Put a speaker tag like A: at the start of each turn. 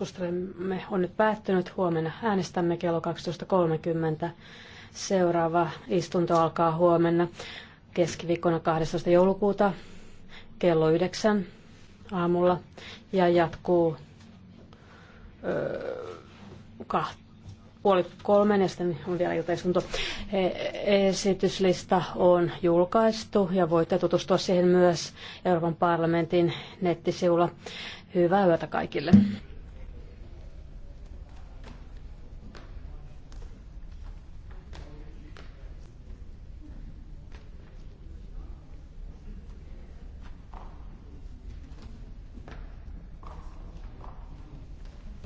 A: keskustelumme on nyt päättynyt. Huomenna äänestämme kello 12.30. Seuraava istunto alkaa huomenna keskiviikkona 12. joulukuuta kello 9 aamulla ja jatkuu öö, kahta puoli kolmen ja sitten on vielä iltaistunto. E, esityslista on julkaistu ja voitte tutustua siihen myös Euroopan parlamentin nettisivulla. Hyvää yötä kaikille.